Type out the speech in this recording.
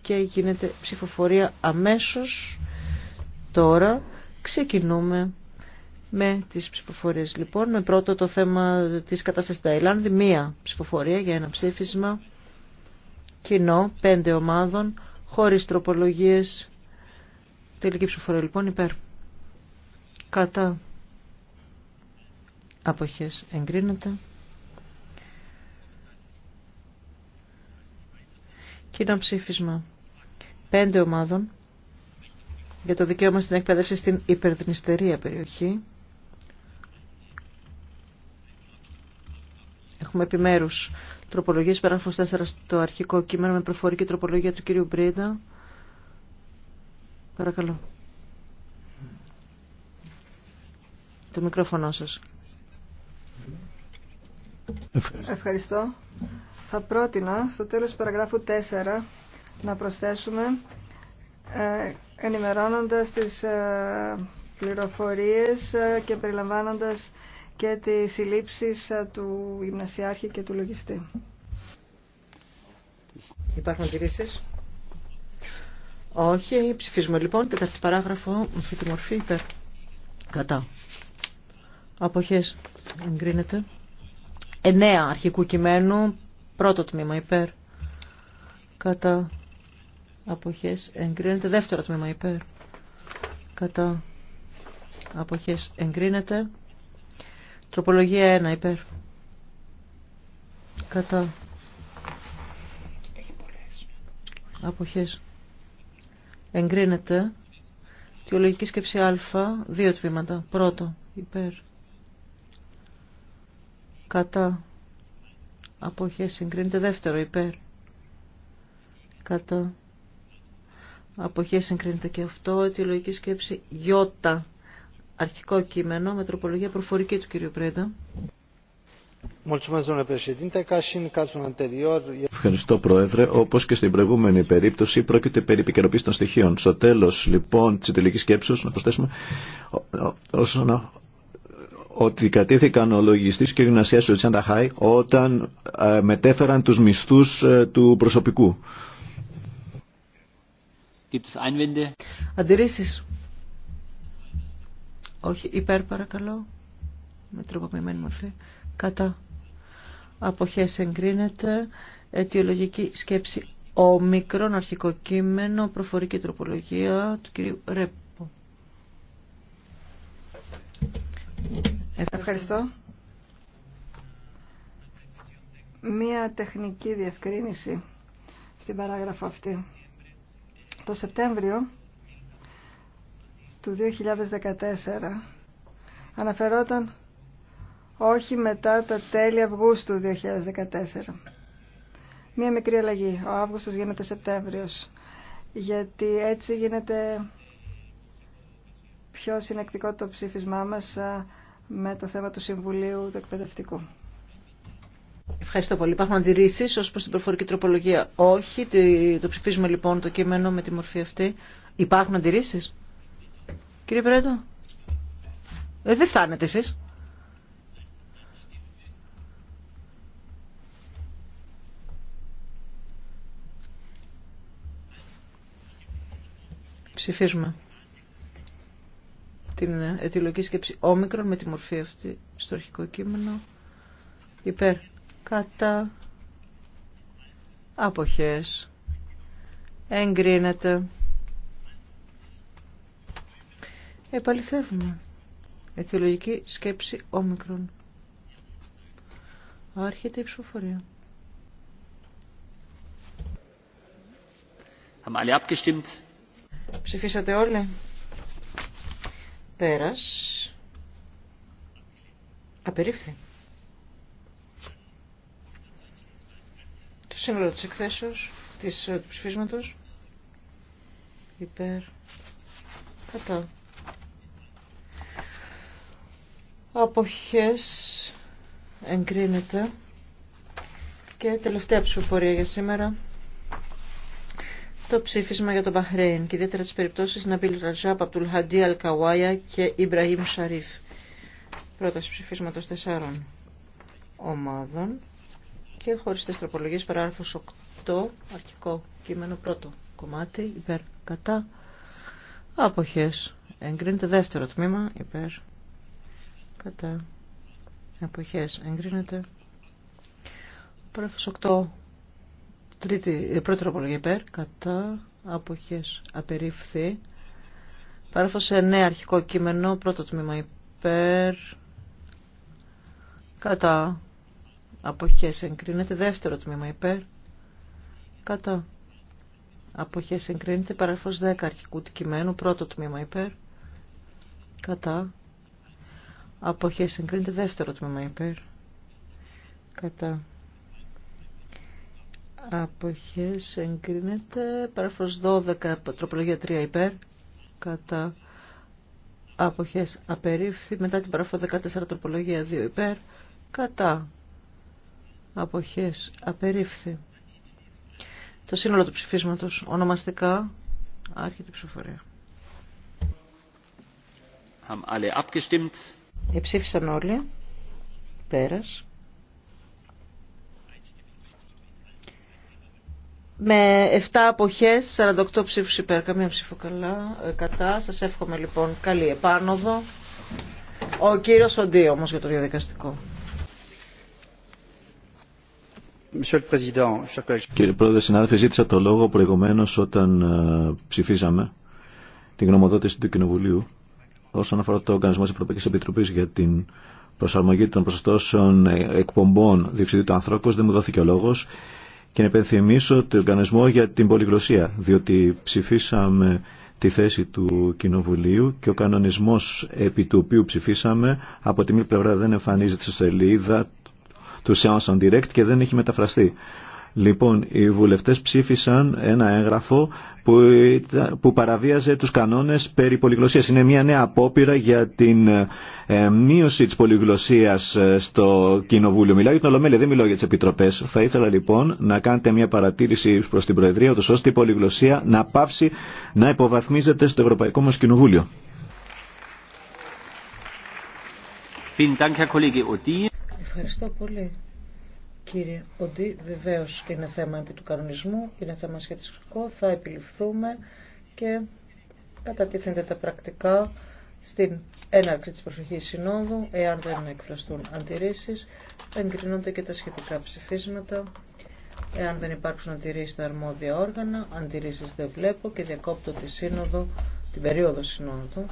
και γίνεται ψηφοφορία αμέσως τώρα. Ξεκινούμε με τις ψηφοφορίες λοιπόν. Με πρώτο το θέμα της κατάστασης Ταϊλάνδη, μία ψηφοφορία για ένα ψήφισμα κοινό, πέντε ομάδων, χωρίς τροπολογίες. Τελική ψηφοφορία λοιπόν υπέρ. Κατά. Αποχές εγκρίνεται. Κοινό ψήφισμα πέντε ομάδων για το δικαίωμα στην εκπαίδευση στην υπερδνηστερία περιοχή. Έχουμε επιμέρους τροπολογίες παράγραφος 4 στο αρχικό κείμενο με προφορική τροπολογία του κύριου Μπρίντα. Παρακαλώ. Το μικρόφωνο σας. Ευχαριστώ θα πρότεινα στο τέλος του παραγράφου 4 να προσθέσουμε ε, ενημερώνοντας τις ε, πληροφορίες ε, και περιλαμβάνοντας και τις συλλήψεις ε, του γυμνασιάρχη και του λογιστή. Υπάρχουν αντιρρήσεις. Όχι, ψηφίζουμε λοιπόν. Τέταρτη παράγραφο, αυτή τη μορφή Κατά. Αποχές εγκρίνεται. Εννέα αρχικού κειμένου Πρώτο τμήμα υπέρ. Κατά αποχές εγκρίνεται. Δεύτερο τμήμα υπέρ. Κατά αποχές εγκρίνεται. Τροπολογία 1 υπέρ. Κατά αποχές εγκρίνεται. τυολογική σκέψη α, δύο τμήματα. Πρώτο υπέρ. Κατά Αποχέ συγκρίνεται δεύτερο υπέρ κατά Αποχέ συγκρίνεται και αυτό λογική σκέψη γιώτα αρχικό κείμενο με τροπολογία προφορική του κυρίου Πρέντα e- Ευχαριστώ Πρόεδρε. Όπως και στην προηγούμενη περίπτωση πρόκειται περί επικαιροποίηση των στοιχείων. Στο τέλος λοιπόν της τελική σκέψης να προσθέσουμε όσον ότι κρατήθηκαν ο λογιστής και η γυμνασία του Τσάντα Χάι όταν ε, μετέφεραν τους μισθούς ε, του προσωπικού. Αντιρρήσεις. Όχι, υπέρ παρακαλώ. Με τροποποιημένη μορφή. Κατά. Αποχές εγκρίνεται. Αιτιολογική σκέψη. Ο μικρόν αρχικό κείμενο, προφορική τροπολογία του κ. Ρεπ Ευχαριστώ. Μία τεχνική διευκρίνηση στην παράγραφο αυτή. Το Σεπτέμβριο του 2014 αναφερόταν όχι μετά τα τέλη Αυγούστου 2014. Μία μικρή αλλαγή. Ο Αύγουστος γίνεται Σεπτέμβριος. Γιατί έτσι γίνεται πιο συνεκτικό το ψήφισμά μας με το θέμα του Συμβουλίου του Εκπαιδευτικού. Ευχαριστώ πολύ. Υπάρχουν αντιρρήσει ω προ την προφορική τροπολογία. Όχι. Το ψηφίζουμε λοιπόν το κείμενο με τη μορφή αυτή. Υπάρχουν αντιρρήσει. Κύριε Πρέτο. Ε, δεν φτάνετε εσεί. Ψηφίζουμε την αιτιολογική σκέψη όμικρον με τη μορφή αυτή στο αρχικό κείμενο. Υπέρ. Κατά. Αποχές. Εγκρίνεται. Επαληθεύουμε. Αιτιολογική σκέψη όμικρον. Άρχεται η ψηφοφορία. Ψηφίσατε όλοι. Πέρας. Απερίφθη. Το σύνολο της εκθέσεως, της, ε, ψηφίσματος. Υπέρ. Κατά. Αποχές εγκρίνεται. Και τελευταία ψηφοφορία για σήμερα το ψήφισμα για τον Μπαχρέιν και ιδιαίτερα τι περιπτώσεις Ναμπίλ Ρατζάπ, Απτουλ Αλκαουάια και Ιμπραήμ Σαρίφ. Πρόταση ψηφίσματο τεσσάρων ομάδων και τι τροπολογίε παράγραφος 8, αρχικό κείμενο πρώτο κομμάτι, υπέρ κατά αποχές. Εγκρίνεται δεύτερο τμήμα, υπέρ κατά αποχές. Εγκρίνεται παράγραφος 8 Τρίτη, πρώτη τροπολογία υπέρ, κατά, αποχές, απερίφθη. σε 9, αρχικό κείμενο, πρώτο τμήμα υπέρ, κατά, αποχές εγκρίνεται. Δεύτερο τμήμα υπέρ, κατά, αποχές εγκρίνεται. παράφος 10, αρχικού κειμένου, πρώτο τμήμα υπέρ, κατά, αποχές εγκρίνεται. Δεύτερο τμήμα υπέρ, κατά Αποχές εγκρίνεται. Παράγραφος 12, τροπολογία 3 υπέρ. Κατά. Αποχές απερίφθη. Μετά την παράγραφο 14, τροπολογία 2 υπέρ. Κατά. Αποχές απερίφθη. Το σύνολο του ψηφίσματος ονομαστικά άρχεται η ψηφοφορία. Εψήφισαν όλοι. Πέρας. με 7 αποχές, 48 ψήφους υπέρ, καμία ψήφο καλά, ε, κατά. Σας εύχομαι λοιπόν καλή επάνωδο. Ο κύριος Οντί όμως για το διαδικαστικό. Κύριε Πρόεδρε, συνάδελφοι, ζήτησα το λόγο προηγουμένως όταν ε, ψηφίζαμε την γνωμοδότηση του Κοινοβουλίου όσον αφορά το οργανισμό της Ευρωπαϊκής Επιτροπής για την προσαρμογή των προσωστώσεων ε, εκπομπών του ανθρώπου, Δεν μου δόθηκε ο λόγος και να υπενθυμίσω τον κανονισμό για την πολυγλωσία, διότι ψηφίσαμε τη θέση του Κοινοβουλίου και ο κανονισμός επί του οποίου ψηφίσαμε από τη μία πλευρά δεν εμφανίζεται στη σελίδα του Seance on Direct και δεν έχει μεταφραστεί. Λοιπόν, οι βουλευτές ψήφισαν ένα έγγραφο που, που παραβίαζε τους κανόνες περί πολυγλωσίας. Είναι μια νέα απόπειρα για την ε, μείωση της πολυγλωσίας ε, στο Κοινοβούλιο. Μιλάω για την Ολομέλεια, δεν μιλάω για τις Επιτροπές. Θα ήθελα λοιπόν να κάνετε μια παρατήρηση προς την Προεδρία, ώστε η πολυγλωσία να πάψει να υποβαθμίζεται στο Ευρωπαϊκό μας Κοινοβούλιο. Κύριε Οντή, βεβαίω είναι θέμα επί του κανονισμού, είναι θέμα σχετικό, θα επιληφθούμε και κατατίθενται τα πρακτικά στην έναρξη της προσοχής συνόδου, εάν δεν εκφραστούν αντιρρήσεις, εγκρινούνται και τα σχετικά ψηφίσματα. Εάν δεν υπάρξουν αντιρρήσεις στα αρμόδια όργανα, αντιρρήσεις δεν βλέπω και διακόπτω τη σύνοδο, την περίοδο συνόδου